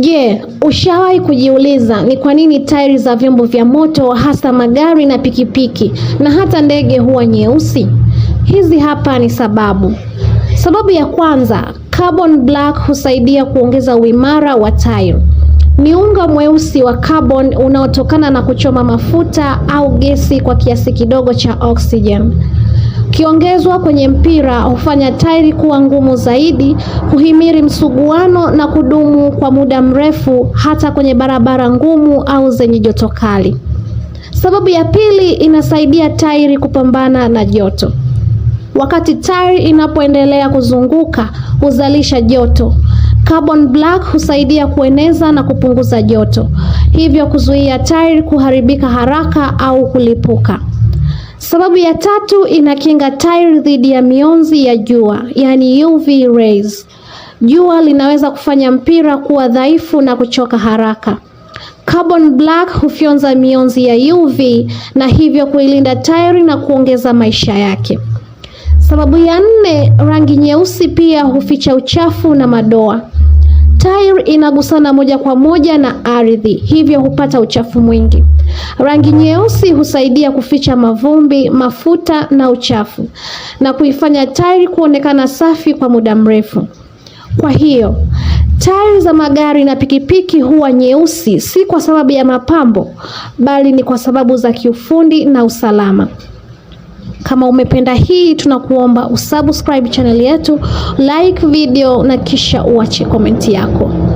Je, yeah, ushawahi kujiuliza ni kwa nini tairi za vyombo vya moto hasa magari na pikipiki na hata ndege huwa nyeusi? Hizi hapa ni sababu. Sababu ya kwanza, carbon black husaidia kuongeza uimara wa tairi. Ni unga mweusi wa carbon unaotokana na kuchoma mafuta au gesi kwa kiasi kidogo cha oxygen kiongezwa kwenye mpira hufanya tairi kuwa ngumu zaidi, kuhimili msuguano na kudumu kwa muda mrefu hata kwenye barabara ngumu au zenye joto kali. Sababu ya pili, inasaidia tairi kupambana na joto. Wakati tairi inapoendelea kuzunguka huzalisha joto. Carbon black husaidia kueneza na kupunguza joto, hivyo kuzuia tairi kuharibika haraka au kulipuka. Sababu ya tatu inakinga tairi dhidi ya mionzi ya jua, yani UV rays. Jua linaweza kufanya mpira kuwa dhaifu na kuchoka haraka. Carbon black hufyonza mionzi ya UV na hivyo kuilinda tairi na kuongeza maisha yake. Sababu ya nne, rangi nyeusi pia huficha uchafu na madoa. Tairi inagusana moja kwa moja na ardhi, hivyo hupata uchafu mwingi. Rangi nyeusi husaidia kuficha mavumbi, mafuta na uchafu na kuifanya tairi kuonekana safi kwa muda mrefu. Kwa hiyo tairi za magari na pikipiki huwa nyeusi si kwa sababu ya mapambo, bali ni kwa sababu za kiufundi na usalama. Kama umependa hii, tunakuomba usubscribe channel yetu, like video na kisha uache komenti yako.